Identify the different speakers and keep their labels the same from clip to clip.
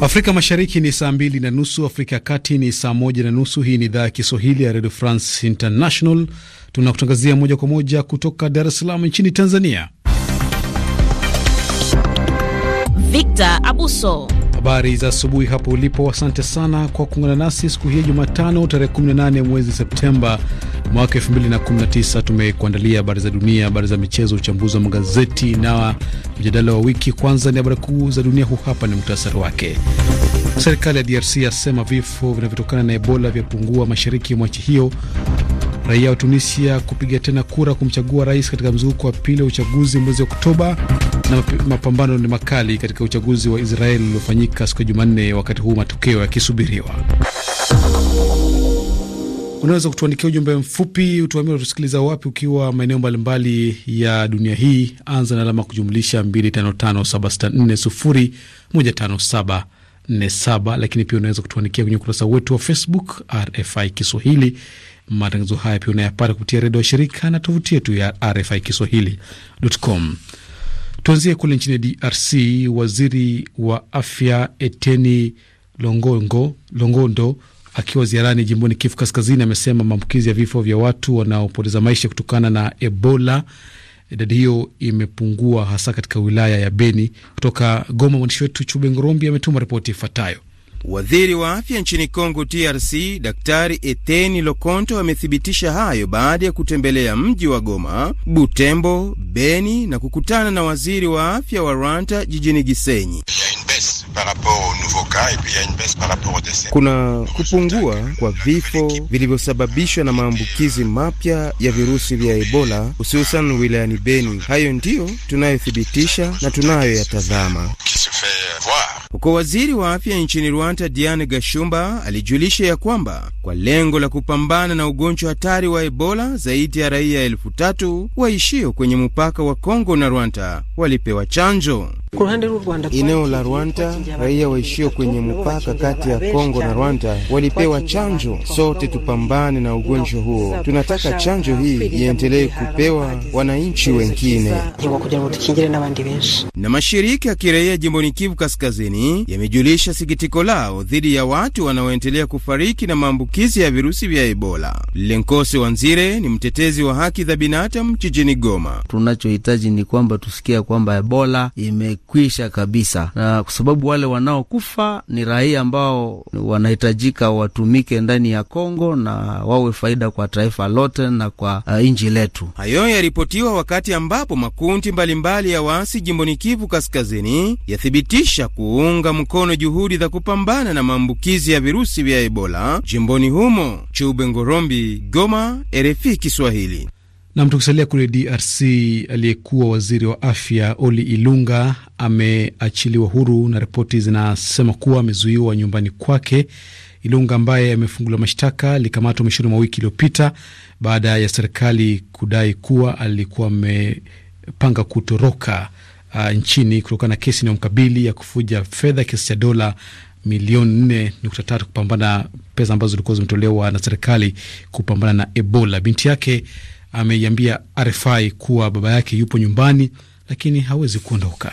Speaker 1: Afrika Mashariki ni saa mbili na nusu, Afrika ya Kati ni saa moja na nusu. Hii ni idhaa ya Kiswahili ya Radio France International, tunakutangazia moja kwa moja kutoka Dar es Salaam nchini Tanzania.
Speaker 2: Victor Abuso,
Speaker 1: habari za asubuhi hapo ulipo. Asante sana kwa kuungana nasi siku hii ya Jumatano, tarehe 18 mwezi Septemba mwaka 2019. Tumekuandalia habari za dunia, habari za michezo, uchambuzi wa magazeti na mjadala wa wiki. Kwanza ni habari kuu za dunia, huu hapa ni muhtasari wake. Serikali ya DRC yasema vifo vinavyotokana na Ebola vyapungua mashariki mwa nchi hiyo. Raia wa Tunisia kupiga tena kura kumchagua rais katika mzunguko wa pili wa uchaguzi mwezi Oktoba. Na mapambano ni makali katika uchaguzi wa Israeli uliofanyika siku ya Jumanne, wakati huu matokeo yakisubiriwa. Unaweza kutuandikia ujumbe mfupi, utuambie unatusikiliza wapi ukiwa maeneo mbalimbali ya dunia hii. Anza na alama kujumlisha 255764015747. Lakini pia unaweza kutuandikia kwenye ukurasa wetu wa Facebook RFI Kiswahili. Matangazo haya pia unayapata kupitia redio ya shirika na tovuti yetu ya RFI Kiswahili.com. Tuanzie kule nchini DRC. Waziri wa afya Eteni Longongo, Longondo Akiwa ziarani jimboni Kivu Kaskazini, amesema maambukizi ya vifo vya watu wanaopoteza maisha kutokana na Ebola, idadi hiyo imepungua hasa katika wilaya ya Beni. Kutoka Goma, mwandishi wetu Chube Ngorombi ametuma ripoti ifuatayo.
Speaker 3: Waziri wa afya nchini Kongo trc Daktari Eteni Lokonto amethibitisha hayo baada ya kutembelea mji wa Goma, Butembo, Beni na kukutana na waziri wa afya wa Rwanda jijini Gisenyi. Kuna kupungua kwa vifo vilivyosababishwa na maambukizi mapya ya virusi vya Ebola hususan wilayani Beni. Hayo ndiyo tunayothibitisha na tunayoyatazama. Huko waziri wa afya nchini Rwanda, Diane Gashumba, alijulisha ya kwamba kwa lengo la kupambana na ugonjwa hatari wa Ebola, zaidi ya raia elfu tatu waishio kwenye mpaka wa Kongo na Rwanda walipewa chanjo. Eneo la Rwanda, raia waishio kwenye mpaka kati ya Kongo na Rwanda walipewa chanjo. Sote tupambane na ugonjwa huo, tunataka chanjo hii iendelee kupewa wananchi wengine. Na mashirika ya kiraia jimboni Kivu Kaskazini yamejulisha sikitiko lao dhidi ya watu wanaoendelea kufariki na maambukizi ya virusi vya Ebola. Lenkose Wanzire ni mtetezi wa haki za binadamu jijini Goma. Tunachohitaji ni kwamba tusikia kwamba Ebola ime kwisha kabisa, na kwa sababu wale wanaokufa
Speaker 4: ni raia ambao wanahitajika watumike ndani ya Kongo na wawe faida kwa taifa lote na kwa uh, nchi letu.
Speaker 3: Hayo yaripotiwa wakati ambapo makundi mbalimbali ya waasi jimboni Kivu Kaskazini yathibitisha kuunga mkono juhudi za kupambana na maambukizi ya virusi vya Ebola jimboni humo. Chube Ngorombi, Goma, RFI Kiswahili.
Speaker 1: Nam, tukisalia kule DRC, aliyekuwa waziri wa afya Oli Ilunga ameachiliwa huru na ripoti zinasema kuwa amezuiwa nyumbani kwake. Ilunga ambaye amefunguliwa mashtaka alikamatwa mwishoni mwa wiki iliyopita baada ya serikali kudai kuwa alikuwa amepanga kutoroka uh, nchini kutokana na kesi inayomkabili ya kufuja fedha kiasi cha dola milioni 4.3 kupambana pesa ambazo zilikuwa zimetolewa na serikali kupambana na Ebola. Binti yake ameiambia RFI kuwa baba yake yupo nyumbani lakini hawezi kuondoka.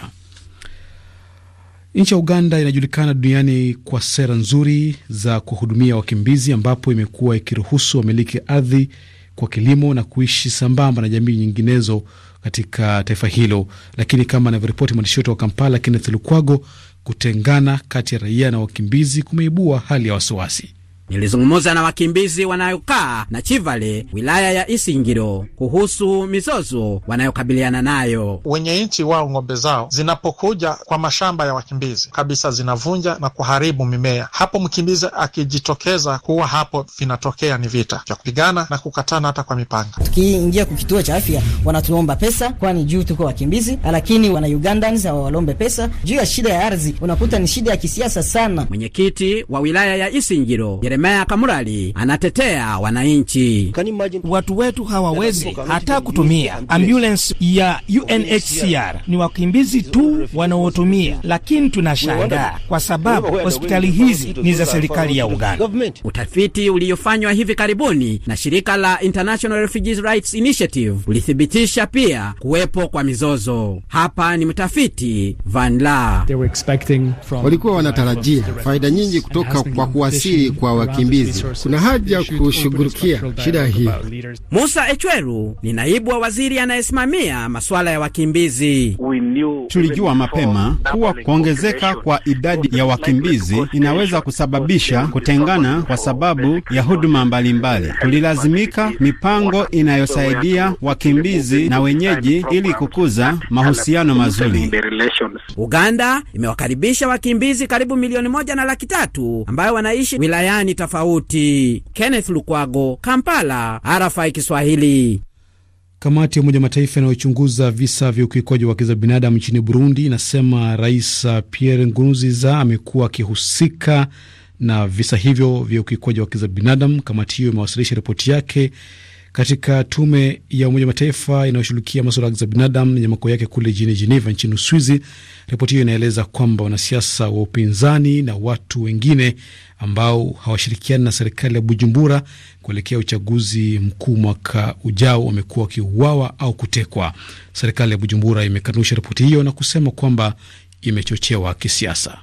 Speaker 1: Nchi ya Uganda inajulikana duniani kwa sera nzuri za kuhudumia wakimbizi, ambapo imekuwa ikiruhusu wamiliki ardhi kwa kilimo na kuishi sambamba na jamii nyinginezo katika taifa hilo. Lakini kama anavyoripoti mwandishi wetu wa Kampala Kenneth Lukwago, kutengana kati ya raia na wakimbizi kumeibua hali ya wasiwasi.
Speaker 2: Nilizungumza na wakimbizi wanayokaa na Chivale wilaya ya Isingiro kuhusu mizozo wanayokabiliana nayo. Wenye
Speaker 5: nchi wao ng'ombe zao zinapokuja kwa mashamba ya wakimbizi kabisa zinavunja na kuharibu mimea. Hapo mkimbizi akijitokeza kuwa hapo vinatokea ni vita vya kupigana na kukatana hata kwa mipanga.
Speaker 2: Tukiingia kwa kituo cha afya wanatuomba pesa, kwani juu tuko wakimbizi, lakini wana Ugandans hawawalombe pesa juu ya shida ya ardhi. Unakuta ni shida ya kisiasa sana. Mwenyekiti wa wilaya ya Isingiro Jeremaya Kamurali anatetea wananchi. Watu wetu hawawezi hata kutumia ambulance ya UNHCR,
Speaker 4: ni wakimbizi tu wanaotumia, lakini tunashangaa kwa sababu hospitali hizi ni za serikali ya Uganda.
Speaker 2: Utafiti uliofanywa hivi karibuni na shirika la International Refugees Rights Initiative ulithibitisha pia kuwepo kwa mizozo hapa. Ni mtafiti Van La
Speaker 1: walikuwa wanatarajia faida nyingi
Speaker 3: kutoka kwa kuwasili kwa wakimbizi. Kuna haja kushughulikia shida hii.
Speaker 2: Musa Echweru ni naibu wa waziri anayesimamia masuala ya wakimbizi. Tulijua mapema kuwa kuongezeka kwa idadi ya wakimbizi
Speaker 3: inaweza kusababisha kutengana kwa sababu ya huduma mbalimbali. Tulilazimika
Speaker 2: mipango inayosaidia wakimbizi na wenyeji ili kukuza mahusiano mazuri. Uganda imewakaribisha wakimbizi karibu milioni moja na laki tatu ambayo wanaishi wilayani ni tofauti. Kenneth Lukwago, Kampala, RFI Kiswahili.
Speaker 1: Kamati ya Umoja Mataifa inayochunguza visa vya ukiukwaji wa haki za binadamu nchini Burundi inasema Rais Pierre Nkurunziza amekuwa akihusika na visa hivyo vya ukiukwaji wa haki za binadamu. Kamati hiyo imewasilisha ripoti yake katika tume ya Umoja Mataifa inayoshughulikia masuala za binadamu na makao yake kule jijini Geneva nchini Uswizi. Ripoti hiyo inaeleza kwamba wanasiasa wa upinzani na watu wengine ambao hawashirikiani na serikali ya Bujumbura kuelekea uchaguzi mkuu mwaka ujao wamekuwa wakiuawa au kutekwa. Serikali ya Bujumbura imekanusha ripoti hiyo na kusema kwamba imechochewa kisiasa.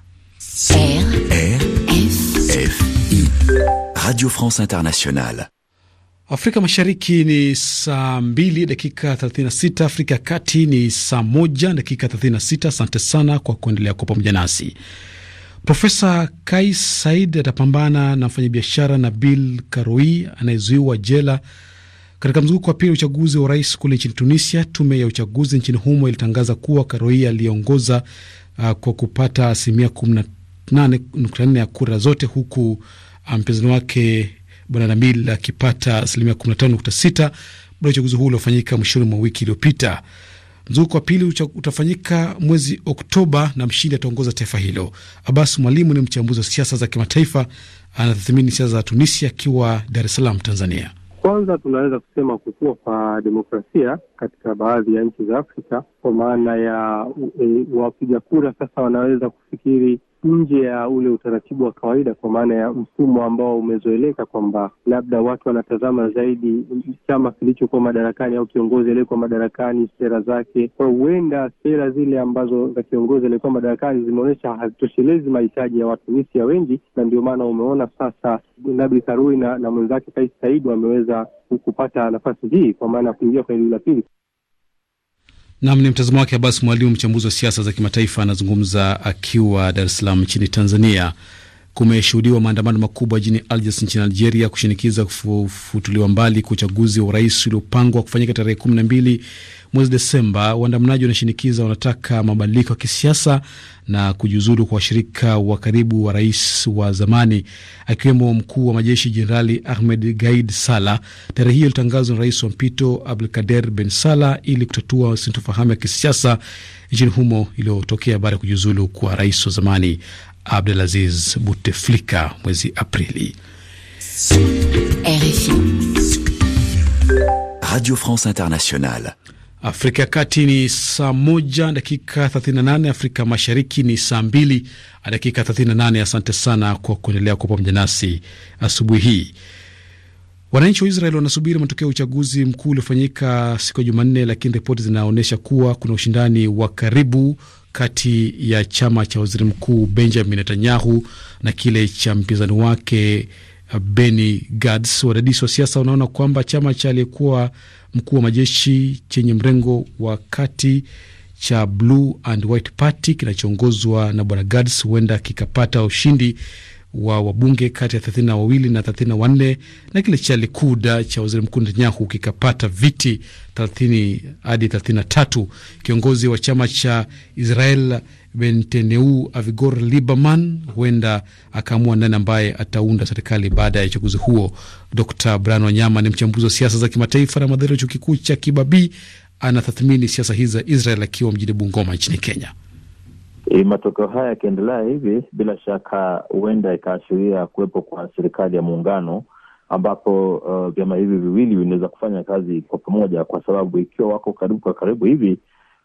Speaker 5: Radio France Internationale.
Speaker 1: Afrika Mashariki ni saa 2 dakika 36, Afrika ya Kati ni saa 1 dakika 36. Asante sana kwa kuendelea kuwa pamoja nasi. Profesa Kais Said atapambana na mfanyabiashara Nabil Karoui anayezuiwa jela katika mzunguko wa pili wa uchaguzi wa urais kule nchini Tunisia. Tume ya uchaguzi nchini humo ilitangaza kuwa Karoui aliyeongoza uh, kwa kupata asilimia 18.4 ya kura zote huku uh, mpinzani um, wake Bwana Nabil akipata asilimia 15.6 baada ya uchaguzi huu uliofanyika mwishoni mwa wiki iliyopita. Mzunguko wa pili utafanyika mwezi Oktoba na mshindi ataongoza taifa hilo. Abbas Mwalimu ni mchambuzi wa siasa za kimataifa, anatathmini siasa za Tunisia akiwa Dar es Salaam, Tanzania.
Speaker 6: Kwanza tunaweza kusema kukua kwa demokrasia katika baadhi ya nchi za Afrika, kwa maana ya e, wapiga kura sasa wanaweza kufikiri nje ya ule utaratibu wa kawaida, kwa maana ya mfumo ambao umezoeleka kwamba labda watu wanatazama zaidi chama kilichokuwa madarakani au kiongozi aliyekuwa madarakani, sera zake. Kwa huenda sera zile ambazo za kiongozi aliyekuwa madarakani zimeonyesha hazitoshelezi mahitaji ya watumishi ya wengi, na ndio maana umeona sasa Nabi karui na, na mwenzake Kais Saidi wameweza kupata nafasi hii, kwa maana ya kuingia kwenye duru la pili.
Speaker 1: Nam ni mtazamo wake Abbas Mwalimu, mchambuzi wa siasa za kimataifa, anazungumza akiwa Dar es Salaam nchini Tanzania kumeshuhudiwa maandamano makubwa jijini Algiers nchini Algeria kushinikiza kufutuliwa mbali kwa uchaguzi wa urais uliopangwa kufanyika tarehe kumi na mbili mwezi Desemba. Waandamanaji wanashinikiza, wanataka mabadiliko ya kisiasa na kujiuzulu kwa washirika wa karibu wa rais wa zamani akiwemo mkuu wa majeshi Jenerali Ahmed Gaid Sala. Tarehe hiyo ilitangazwa na rais wa mpito Abdulkader Ben Sala ili kutatua sintofahamu ya kisiasa nchini humo iliyotokea baada ya kujiuzulu kwa rais wa zamani Abdelaziz Buteflika mwezi Aprili. RFI Radio France Internationale. Afrika ya Kati ni saa moja dakika 38, Afrika Mashariki ni saa mbili dakika 38. Asante sana kwa kuendelea kuwa pamoja nasi asubuhi hii. Wananchi wa Israel wanasubiri matokeo ya uchaguzi mkuu uliofanyika siku ya Jumanne, lakini ripoti zinaonyesha kuwa kuna ushindani wa karibu kati ya chama cha waziri mkuu Benjamin Netanyahu na kile cha mpinzani wake uh, Benny Gantz. Wadadisi wa siasa wanaona kwamba chama cha aliyekuwa mkuu wa majeshi chenye mrengo wa kati cha Blue and White Party kinachoongozwa na bwana Gantz huenda kikapata ushindi wa wabunge kati ya thelathini na wawili na thelathini na wanne na kile cha Likuda cha waziri mkuu Netanyahu kikapata viti thelathini hadi thelathini na tatu. Kiongozi wa chama cha Israel Benteneu Avigor Liberman huenda akaamua nani ambaye ataunda serikali baada ya uchaguzi huo. Dr Brian Wanyama ni mchambuzi wa siasa za kimataifa na mhadhiri wa chuo kikuu cha Kibabii. Anatathmini siasa hizi za Israel akiwa mjini Bungoma nchini Kenya.
Speaker 6: E, matokeo haya yakiendelea hivi, bila shaka huenda ikaashiria kuwepo kwa serikali ya muungano ambapo uh, vyama hivi viwili vinaweza kufanya kazi kwa pamoja, kwa sababu ikiwa wako karibu kwa karibu hivi,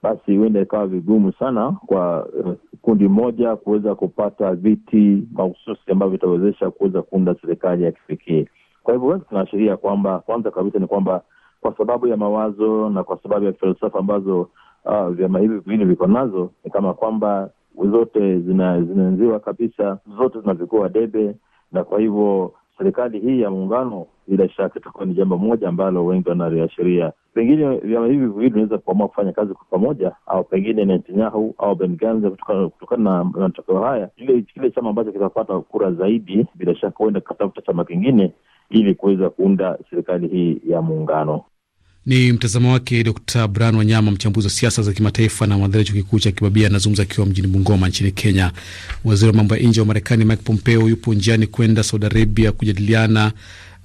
Speaker 6: basi huenda ikawa vigumu sana kwa uh, kundi moja kuweza kupata viti mahususi ambavyo vitawezesha kuweza kuunda serikali ya kipekee. Kwa hivyo tunaashiria kwamba kwanza kabisa ni kwamba kwa sababu ya mawazo na kwa sababu ya falsafa ambazo uh, vyama hivi viwili viko nazo ni kama kwamba zote zinaenziwa kabisa, zote zinavikuwa debe, na kwa hivyo serikali hii ya muungano bila shaka itakuwa ni jambo moja ambalo wengi wanaliashiria. Pengine vyama hivi viwili vinaweza kuamua kufanya kazi kwa pamoja, au pengine Netanyahu au benganza kutokana na matokeo haya, kile chama ambacho kitapata kura zaidi, bila shaka huenda katafuta chama kingine ili kuweza kuunda serikali hii ya muungano.
Speaker 1: Ni mtazamo wake Dkt Bran Wanyama, mchambuzi wa siasa za kimataifa na mhadhiri chuo kikuu cha Kibabia, anazungumza akiwa mjini Bungoma nchini Kenya. Waziri wa mambo ya nje wa Marekani Mike Pompeo yupo njiani kwenda Saudi Arabia kujadiliana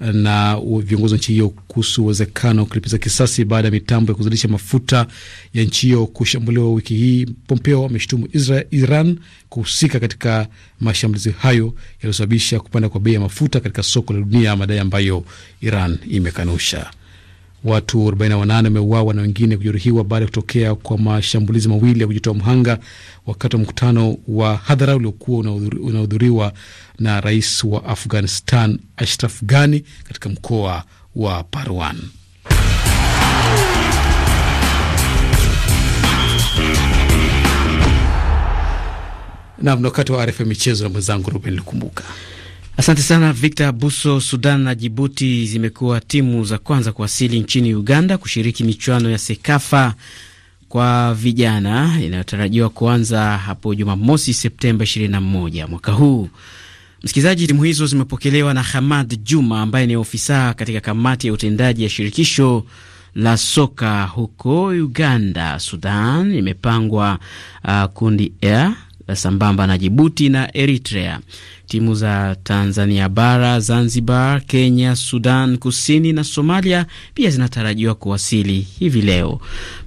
Speaker 1: na viongozi wa nchi hiyo kuhusu uwezekano wa kulipiza kisasi baada ya mitambo ya kuzalisha mafuta ya nchi hiyo kushambuliwa wiki hii. Pompeo ameshutumu Iran kuhusika katika mashambulizi hayo yaliyosababisha kupanda kwa bei ya mafuta katika soko la dunia, madai ambayo Iran imekanusha. Watu 48 wameuawa na wengine kujeruhiwa baada ya kutokea kwa mashambulizi mawili ya kujitoa mhanga wakati wa mkutano wa hadhara uliokuwa unahudhuriwa na rais wa Afghanistan Ashraf Ghani katika mkoa wa Parwan. Nam, wakati wa RFM michezo na mwenzangu Ruben
Speaker 2: Lukumbuka. Asante sana Victor Abuso. Sudan na Jibuti zimekuwa timu za kwanza kuwasili nchini Uganda kushiriki michuano ya SEKAFA kwa vijana inayotarajiwa kuanza hapo Jumamosi, Septemba 21 mwaka huu. Msikilizaji, timu hizo zimepokelewa na Hamad Juma ambaye ni ofisa katika kamati ya utendaji ya shirikisho la soka huko Uganda. Sudan imepangwa uh, kundi A Eh, sambamba na Jibuti na Eritrea. Timu za Tanzania Bara, Zanzibar, Kenya, Sudan Kusini na Somalia pia zinatarajiwa kuwasili hivi leo.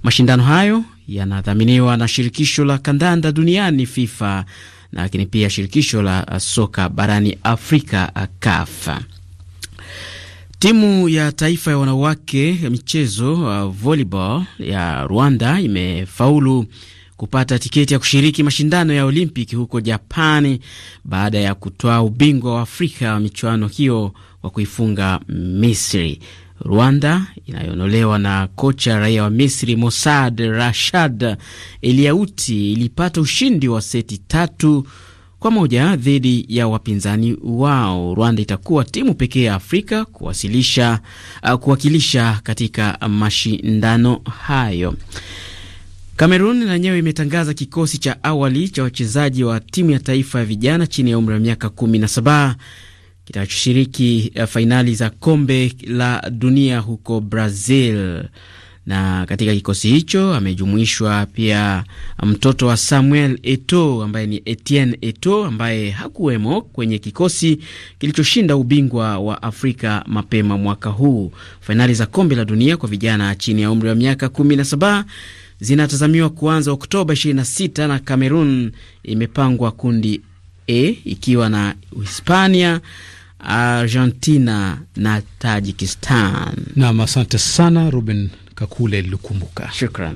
Speaker 2: Mashindano hayo yanadhaminiwa na shirikisho la kandanda duniani FIFA, lakini pia shirikisho la eh, soka barani Afrika eh, CAF. Timu ya taifa ya wanawake ya michezo uh, volleyball ya Rwanda imefaulu kupata tiketi ya kushiriki mashindano ya Olimpiki huko Japani baada ya kutoa ubingwa wa Afrika wa michuano hiyo kwa kuifunga Misri. Rwanda inayoondolewa na kocha raia wa Misri Mossad Rashad Eliauti ilipata ushindi wa seti tatu kwa moja dhidi ya wapinzani wao. Rwanda itakuwa timu pekee ya Afrika kuwasilisha uh, kuwakilisha katika mashindano hayo. Kamerun nanyewe imetangaza kikosi cha awali cha wachezaji wa timu ya taifa ya vijana chini ya umri wa miaka 17 kitachoshiriki eh, fainali za kombe la dunia huko Brazil. Na katika kikosi hicho amejumuishwa pia mtoto wa Samuel Eto ambaye ni Etienne Eto ambaye hakuwemo kwenye kikosi kilichoshinda ubingwa wa Afrika mapema mwaka huu. Fainali za kombe la dunia kwa vijana chini ya umri wa miaka 17 zinatazamiwa kuanza Oktoba 26 na Cameroon imepangwa kundi E ikiwa na Hispania, Argentina na Tajikistan.
Speaker 1: Nam, asante sana Ruben Kakule Lukumbuka, shukran.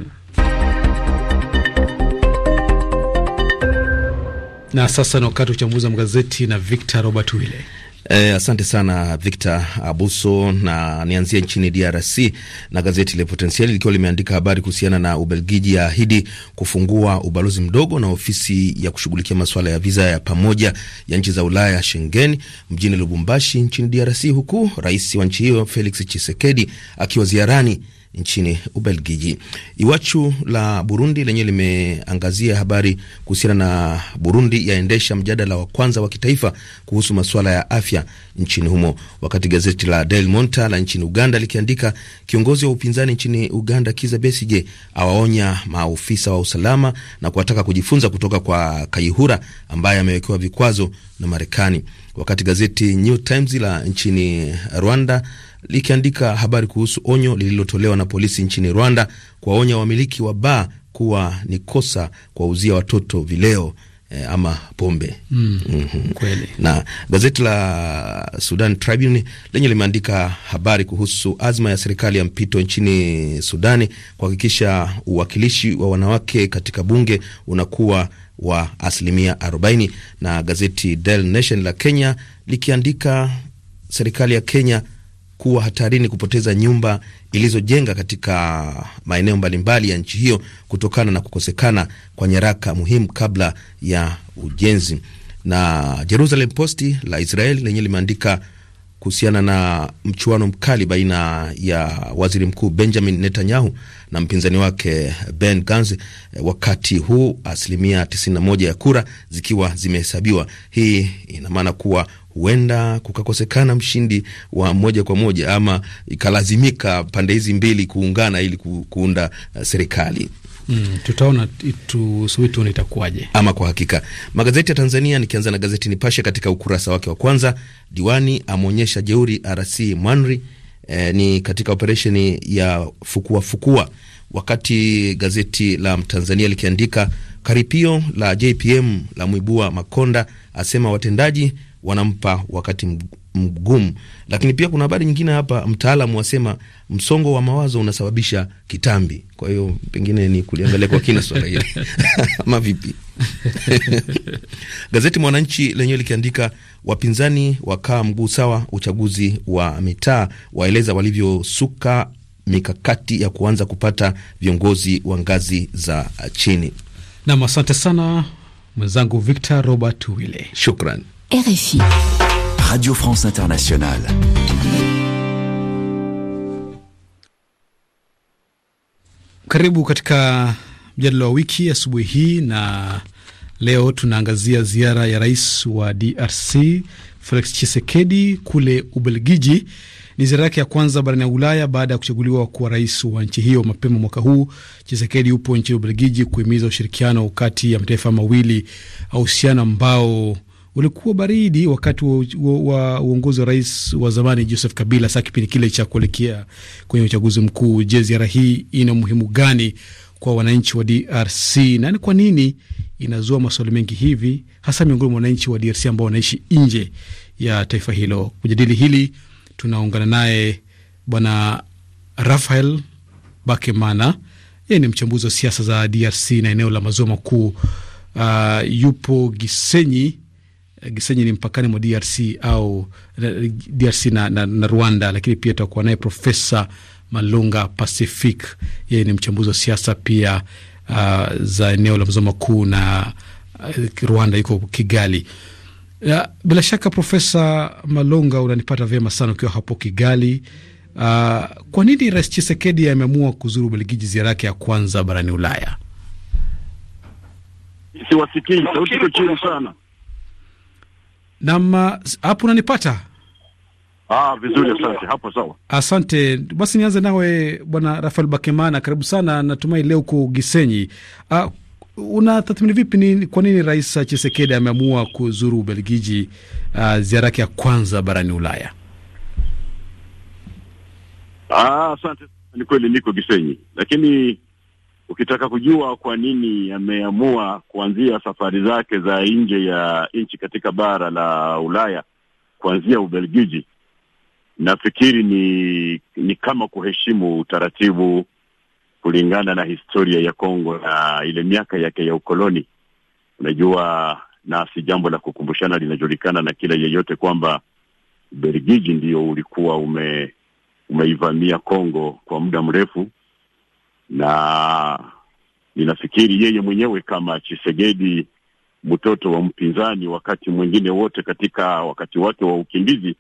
Speaker 1: Na sasa ni wakati wa uchambuzi wa magazeti na Victor Robert Wille.
Speaker 4: Eh, asante sana Victor Abuso, na nianzie nchini DRC na gazeti Le Potentiel likiwa limeandika habari kuhusiana na Ubelgiji ya ahidi kufungua ubalozi mdogo na ofisi ya kushughulikia masuala ya viza ya pamoja ya nchi za Ulaya Schengen mjini Lubumbashi nchini DRC, huku rais wa nchi hiyo Felix Tshisekedi akiwa ziarani nchini Ubelgiji. Iwachu la Burundi lenyewe limeangazia habari kuhusiana na Burundi yaendesha mjadala wa kwanza wa kitaifa kuhusu masuala ya afya nchini humo, wakati gazeti la Daily Monitor la nchini Uganda likiandika kiongozi wa upinzani nchini Uganda Kizza Besigye awaonya maofisa wa usalama na kuwataka kujifunza kutoka kwa Kayihura ambaye amewekewa vikwazo na Marekani wakati gazeti New Times la nchini Rwanda likiandika habari kuhusu onyo lililotolewa na polisi nchini Rwanda kuwaonya wamiliki wa baa kuwa ni kosa kuwauzia watoto vileo eh, ama pombe mm, mm -hmm. Mhm. Kweli. Na gazeti la Sudan Tribune lenye limeandika habari kuhusu azma ya serikali ya mpito nchini Sudani kuhakikisha uwakilishi wa wanawake katika bunge unakuwa wa asilimia 40, na gazeti Daily Nation la Kenya likiandika serikali ya Kenya kuwa hatarini kupoteza nyumba ilizojenga katika maeneo mbalimbali ya nchi hiyo kutokana na kukosekana kwa nyaraka muhimu kabla ya ujenzi. Na Jerusalem Post la Israel lenye limeandika kuhusiana na mchuano mkali baina ya waziri mkuu Benjamin Netanyahu na mpinzani wake Ben Gans, eh, wakati huu asilimia 91 ya kura zikiwa zimehesabiwa. Hii ina maana kuwa huenda kukakosekana mshindi wa moja kwa moja, ama ikalazimika pande hizi mbili kuungana ili kuunda eh, serikali.
Speaker 1: Mm, tutaona tusubiri tuone itakuwaje.
Speaker 4: Ama kwa hakika magazeti ya Tanzania, nikianza na gazeti Nipashe, katika ukurasa wake wa kwanza, diwani amwonyesha jeuri RC Mwanri eh, ni katika operesheni ya fukua fukua, wakati gazeti la Tanzania likiandika karipio la JPM la mwibua Makonda asema watendaji wanampa wakati mgumu. Lakini pia kuna habari nyingine hapa, mtaalamu wasema msongo wa mawazo unasababisha kitambi. Kwa hiyo pengine ni kuliangalia kwa kina swala hili ama vipi? Gazeti Mwananchi lenyewe likiandika wapinzani wakaa mguu sawa, uchaguzi wa mitaa, waeleza walivyosuka mikakati ya kuanza kupata viongozi wa ngazi za chini.
Speaker 1: Nam, asante sana mwenzangu Victor Robert Wile, shukran. RFI.
Speaker 5: Radio France Internationale.
Speaker 1: Karibu katika mjadala wa wiki asubuhi hii, na leo tunaangazia ziara ya rais wa DRC Felix Tshisekedi kule Ubelgiji. Ni ziara yake ya kwanza barani ya Ulaya baada ya kuchaguliwa kuwa rais wa nchi hiyo mapema mwaka huu. Tshisekedi yupo nchini Ubelgiji kuhimiza ushirikiano kati ya mataifa mawili, uhusiano ambao ulikuwa baridi wakati wa uongozi wa, wa rais wa zamani Joseph Kabila, saa kipindi kile cha kuelekea kwenye uchaguzi mkuu. Je, ziara hii ina umuhimu gani kwa wananchi wa DRC na ni kwa nini inazua maswali mengi hivi, hasa miongoni mwa wananchi wa DRC ambao wanaishi nje ya taifa hilo? Kujadili hili tunaungana naye Bwana Rafael Bakemana, yeye ni mchambuzi wa siasa za DRC na eneo la maziwa makuu. Uh, yupo Gisenyi Eh, Gisenyi ni mpakani mwa DRC au eh, DRC na, na, na Rwanda, lakini pia tutakuwa naye Profesa Malunga Pacific, yeye ni mchambuzi wa siasa pia uh, za eneo la maziwa makuu na uh, Rwanda, yuko Kigali. Uh, bila shaka Profesa Malunga, unanipata vyema sana ukiwa hapo Kigali. Uh, kwa nini Rais Chisekedi ameamua kuzuru Ubelgiji, ziara yake ya kwanza barani Ulaya?
Speaker 5: Siwasikii, sauti iko chini sana.
Speaker 1: Nam, hapo unanipata?
Speaker 6: Ah, vizuri, asante. Hapo sawa,
Speaker 1: asante. Basi nianze nawe Bwana Rafael Bakemana, karibu sana. Natumai leo uko Gisenyi. Ah, unatathmini vipi ni kwa nini Rais Chisekedi ameamua kuzuru Ubelgiji, ah, ziara yake ya kwanza barani Ulaya?
Speaker 5: Ah, asante. Ni kweli niko Gisenyi, lakini Ukitaka kujua kwa nini ameamua kuanzia safari zake za nje ya nchi katika bara la Ulaya kuanzia Ubelgiji, nafikiri ni ni kama kuheshimu utaratibu kulingana na historia ya Kongo na ile miaka yake ya ukoloni. Unajua, na si jambo la kukumbushana, linajulikana na kila yeyote kwamba Ubelgiji ndio ulikuwa ume umeivamia Kongo kwa muda mrefu na ninafikiri yeye mwenyewe kama Chisegedi, mtoto wa mpinzani, wakati mwingine wote katika wakati wake wa ukimbizi,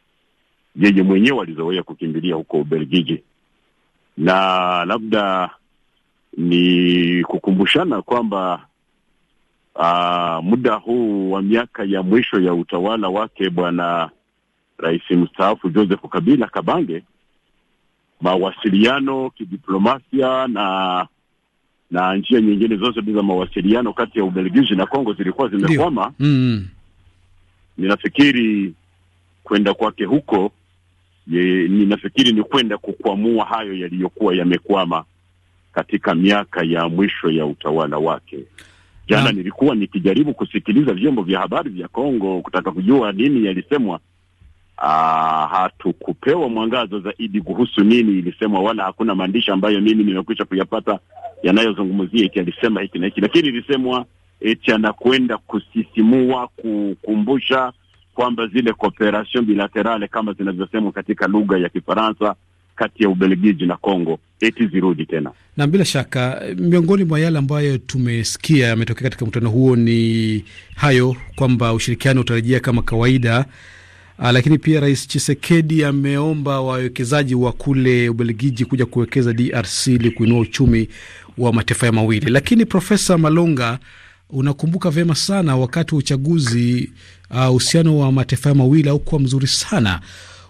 Speaker 5: yeye mwenyewe alizoea kukimbilia huko Ubelgiji, na labda ni kukumbushana kwamba muda huu wa miaka ya mwisho ya utawala wake Bwana Rais mstaafu Joseph Kabila Kabange mawasiliano kidiplomasia na na njia nyingine zote za mawasiliano kati ya Ubelgiji na Kongo zilikuwa zimekwama. Mm. Ninafikiri kwenda kwake huko ye, ninafikiri ni kwenda kukwamua hayo yaliyokuwa yamekwama katika miaka ya mwisho ya utawala wake. Jana yeah, nilikuwa nikijaribu kusikiliza vyombo vya habari vya Kongo kutaka kujua nini yalisemwa Ah, hatukupewa mwangazo zaidi kuhusu nini ilisemwa, wala hakuna maandishi ambayo mimi nimekwisha kuyapata yanayozungumzia eti alisema hiki na hiki, lakini ilisemwa eti anakwenda kusisimua, kukumbusha kwamba zile cooperation bilaterale kama zinavyosemwa katika lugha ya Kifaransa kati ya Ubelgiji na Kongo eti zirudi tena.
Speaker 1: Na bila shaka miongoni mwa yale ambayo tumesikia yametokea katika mkutano huo ni hayo kwamba ushirikiano utarejea kama kawaida. Uh, lakini pia Rais Chisekedi ameomba wawekezaji wa kule Ubelgiji kuja kuwekeza DRC ili kuinua uchumi wa mataifa ya mawili. Lakini Profesa Malonga, unakumbuka vyema sana wakati wa uchaguzi ah, uhusiano wa mataifa mawili haukuwa mzuri sana.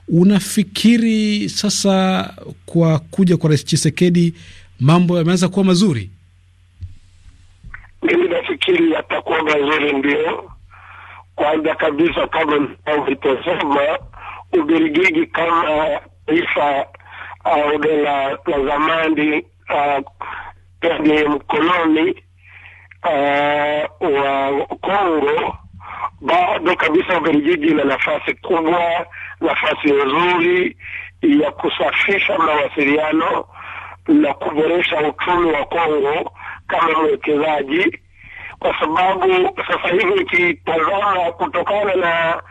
Speaker 1: Unafikiri sasa kwa kuja kwa Rais Chisekedi mambo yameanza kuwa mazuri?
Speaker 7: Mimi nafikiri yatakuwa mazuri, ndio kwanza kabisa kama navyotazama Ubelgiji kama taifa aude uh, la zamani kwenye uh, mkoloni uh, wa Kongo, bado kabisa Ubelgiji ina nafasi kubwa, nafasi nzuri ya kusafisha mawasiliano na kuboresha uchumi wa Kongo kama mwekezaji kwa sababu sasa hivi ukitazama kutokana na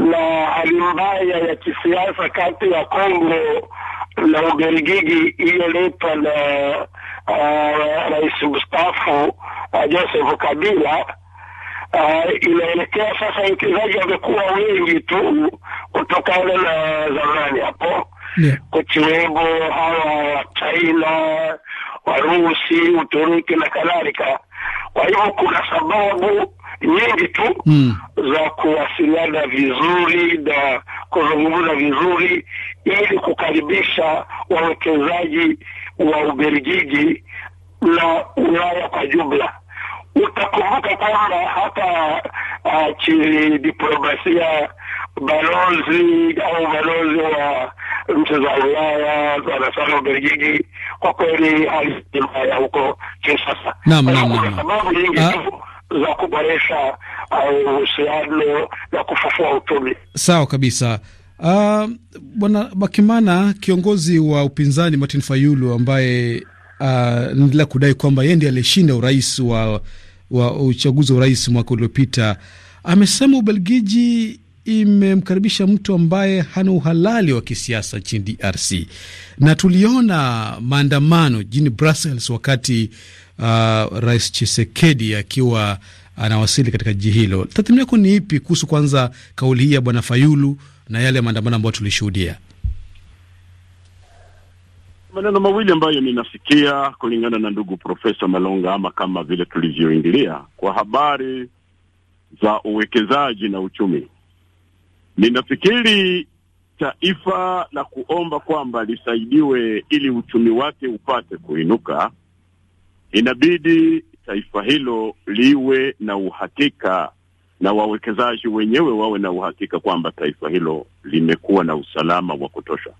Speaker 7: na hali mbaya ya kisiasa kati ya Kongo na Ubelgiji iliyoletwa na uh, rais mustafu mstaafu uh, Joseph Kabila uh, inaelekea sasa wekezaji wamekuwa wengi tu kutokana na zamani hapo yeah. Kuchiwemo hawa Wachina, Warusi, Uturuki na kadhalika kwa hiyo kuna sababu nyingi tu mm. za kuwasiliana vizuri na kuzungumza vizuri ili kukaribisha wawekezaji wa Ubelgiji na Ulaya kwa jumla. Utakumbuka kwamba hata uh, diplomasia balozi au balozi wa nchi za Ulaya wanasema Ubelgiji kwa kweli hali mbaya huko Kinshasa. Naam, naam, naam. Sababu nyingi ah. tu za kuboresha ah, uhusiano na kufufua uchumi.
Speaker 1: Sawa kabisa. Uh, Bwana Bakimana, kiongozi wa upinzani Martin Fayulu ambaye anaendelea uh, kudai kwamba yeye ndiye alishinda urais wa, wa uchaguzi wa urais mwaka uliopita amesema Ubelgiji imemkaribisha mtu ambaye hana uhalali wa kisiasa nchini DRC, na tuliona maandamano jijini Brussels wakati uh, Rais chisekedi akiwa anawasili katika jiji hilo. Tathmini yako ni ipi kuhusu kwanza kauli hii ya Bwana Fayulu na yale ya maandamano ambayo tulishuhudia?
Speaker 5: Maneno mawili ambayo ninasikia kulingana na ndugu Profesa Malonga, ama kama vile tulivyoingilia kwa habari za uwekezaji na uchumi Ninafikiri taifa la kuomba kwamba lisaidiwe ili uchumi wake upate kuinuka, inabidi taifa hilo liwe na uhakika na wawekezaji wenyewe wawe na uhakika kwamba taifa hilo limekuwa na usalama wa kutosha.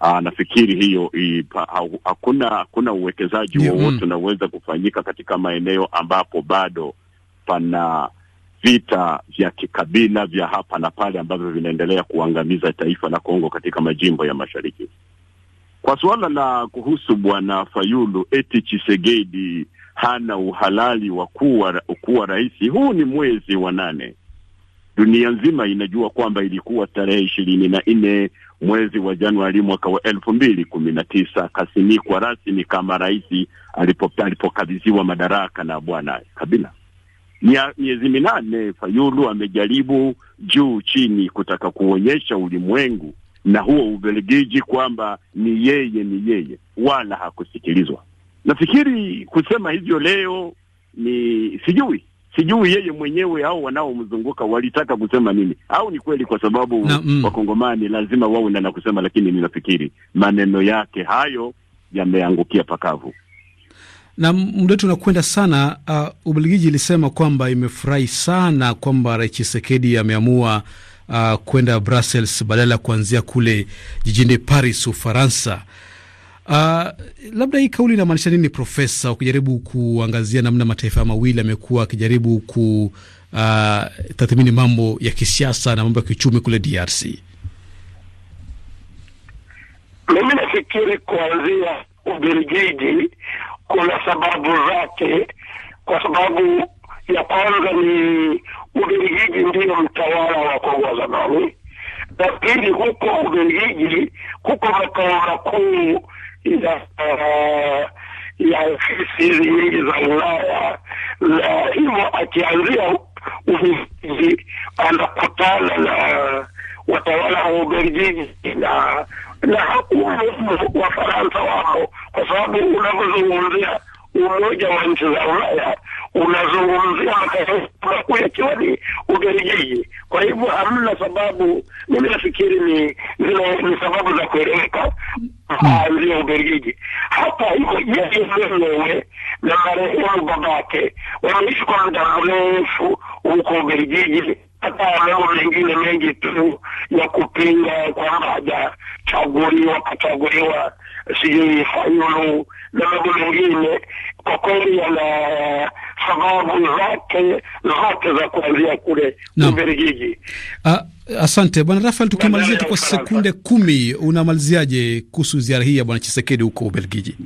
Speaker 5: Aa, ah, nafikiri hiyo ipa, hakuna hakuna uwekezaji wowote mm, unaweza kufanyika katika maeneo ambapo bado pana vita vya kikabila vya hapa na pale ambavyo vinaendelea kuangamiza taifa la Kongo katika majimbo ya mashariki. Kwa suala la kuhusu bwana Fayulu eti Chisegedi hana uhalali wa kuwa kuwa rais, huu ni mwezi wa nane. Dunia nzima inajua kwamba ilikuwa tarehe ishirini na nne mwezi wa Januari mwaka wa elfu mbili kumi na tisa kasimikwa rasmi kama rais alipokabidhiwa madaraka na bwana Kabila miezi minane Fayulu amejaribu juu chini kutaka kuonyesha ulimwengu na huo Ubelgiji kwamba ni yeye ni yeye, wala hakusikilizwa. Nafikiri kusema hivyo leo ni sijui sijui yeye mwenyewe au wanaomzunguka walitaka kusema nini, au ni kweli, kwa sababu na, mm. Wakongomani lazima wawe na kusema, lakini ninafikiri maneno yake hayo yameangukia pakavu
Speaker 1: na muda wetu unakwenda sana. Uh, Ubelgiji ilisema kwamba imefurahi sana kwamba Rais Chisekedi ameamua uh, kwenda Brussels badala ya kuanzia kule jijini Paris, Ufaransa. Uh, labda hii kauli inamaanisha nini Profesa, ukijaribu kuangazia namna mataifa mawili amekuwa akijaribu kutathmini uh, mambo ya kisiasa na mambo ya kiuchumi kule DRC?
Speaker 7: Mimi nafikiri kuanzia Ubelgiji kuna sababu zake, kwa sababu ya kwanza ni Ubelgiji ndiyo mtawala wa Kongo zamani. na pili, huko Ubelgiji huko makao makuu ya uh, ya ofisi hizi nyingi za Ulaya, na hivyo akianzia Ubelgiji anakutana na watawala wa Ubelgiji na na hakuwaumu Wafaransa wao, kwa sababu unavyozungumzia umoja wa nchi za Ulaya unazungumzia makuu yakiwa ni Ubelgiji. Kwa hivyo hamna sababu, mimi nafikiri ni zile ni sababu za kueleweka kuanzia Ubelgiji. Hata hivyo yeye mwenyewe na marehemu babake wameishi kwa muda mrefu huko Ubelgiji hata mambo mengine mengi tu ya kupinga kwamba hajachaguliwa kachaguliwa, sijui fayulu na mambo mengine, kwa kweli yana sababu zake zote za kuanzia kule uberigiji
Speaker 1: Asante bwana Rafael, tukimalizia tu kwa sekunde kumi, unamaliziaje kuhusu ziara hii ya bwana Chisekedi huko Ubelgiji?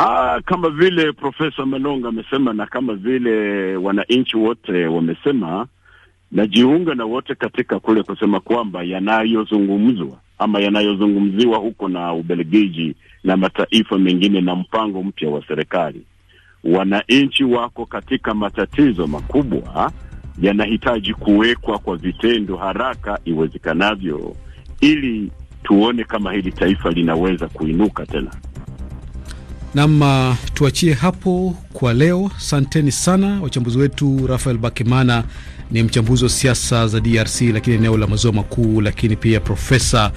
Speaker 5: Ah, kama vile Profesa Malonga amesema na kama vile wananchi wote wamesema, najiunga na wote katika kule kusema kwamba yanayozungumzwa ama yanayozungumziwa huko na Ubelgiji na mataifa mengine na mpango mpya wa serikali, wananchi wako katika matatizo makubwa, yanahitaji kuwekwa kwa vitendo haraka iwezekanavyo, ili tuone kama hili taifa linaweza kuinuka tena.
Speaker 1: Nam, uh, tuachie hapo kwa leo. Santeni sana wachambuzi wetu. Rafael Bakemana ni mchambuzi wa siasa za DRC lakini eneo la maziwa makuu, lakini pia Profesa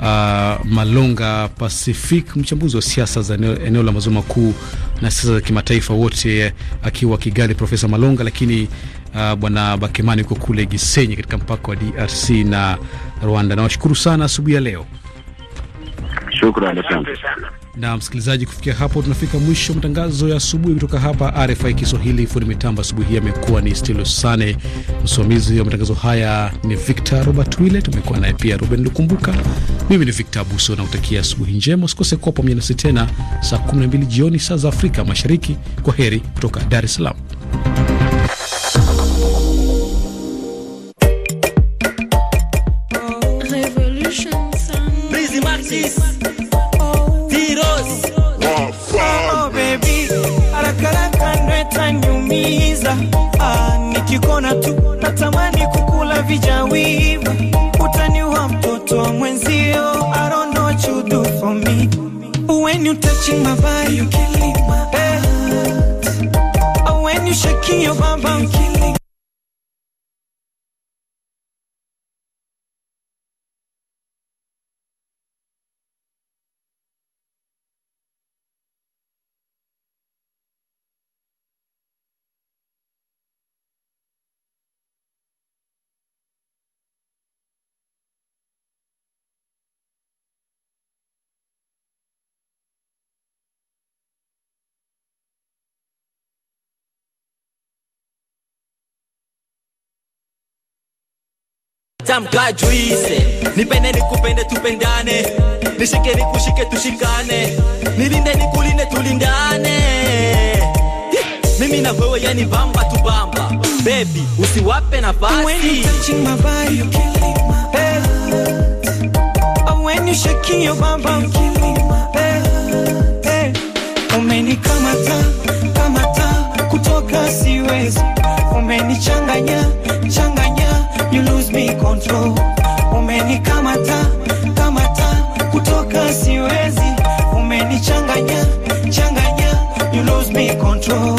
Speaker 1: uh, Malonga Pacific, mchambuzi wa siasa za eneo la maziwa makuu na siasa za kimataifa, wote akiwa Kigali, Profesa Malonga, lakini uh, Bwana Bakemana yuko kule Gisenyi katika mpaka wa DRC na Rwanda. Nawashukuru sana asubuhi ya leo.
Speaker 6: Shukrani sana.
Speaker 1: Na msikilizaji, kufikia hapo tunafika mwisho matangazo ya asubuhi kutoka hapa RFI Kiswahili. Fundi mitambo asubuhi hii amekuwa ni Stilo Sane, msimamizi wa matangazo haya ni Victor Robert Wille, tumekuwa naye pia Ruben Lukumbuka. Mimi ni Victor Abuso, nautakia asubuhi njema. Usikose kuwa pamoja nasi tena saa 12 jioni saa za Afrika Mashariki. Kwa heri kutoka Dar es Salaam.
Speaker 8: you touching my body, Tamka juise, nipende nikupende, tupendane, nishike nikushike, tushikane, nilinde nikulinde, tulindane, mimi na wewe, yani bamba tu bamba, baby usiwape nafasi Umenikamata kamata kutoka siwezi, changanya, changanya you lose me control. Umenikamata kamata, kutoka siwezi, umenichanganya changanya, you lose me control.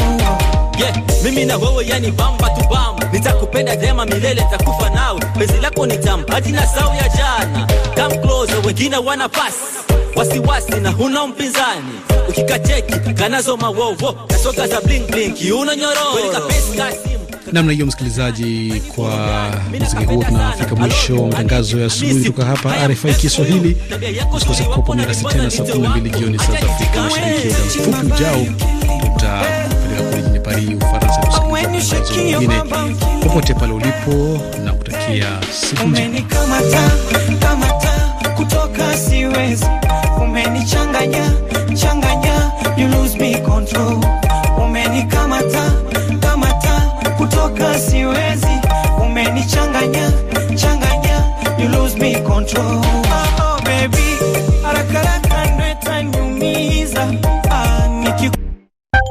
Speaker 8: Yeah, mimi na wewe yani bamba tu bamba, nitakupenda daima milele, takufa nawe, penzi lako ni tamu, hajina sau ya jana. Come closer, wengine wana pass wasiwasi na huna mpinzani, ukikacheki kanazo mawowo, kasoka za bling bling, kiuno nyororo, kweli
Speaker 1: namna hiyo, msikilizaji, kwa muziki huo tunafika mwisho wa matangazo ya asubuhi kutoka hapa RFI Kiswahili. Usikose kukopa mirasi tena saa mbili jioni saa za Afrika Mashariki. mfupi ujao tutapeleka kule jini Paris, Ufaransa, kusikiliza mengine popote pale ulipo, na kutakia siku njema
Speaker 8: kutoka siwezi, umenichanganya changanya, you lose me control, oh, oh, baby, haraka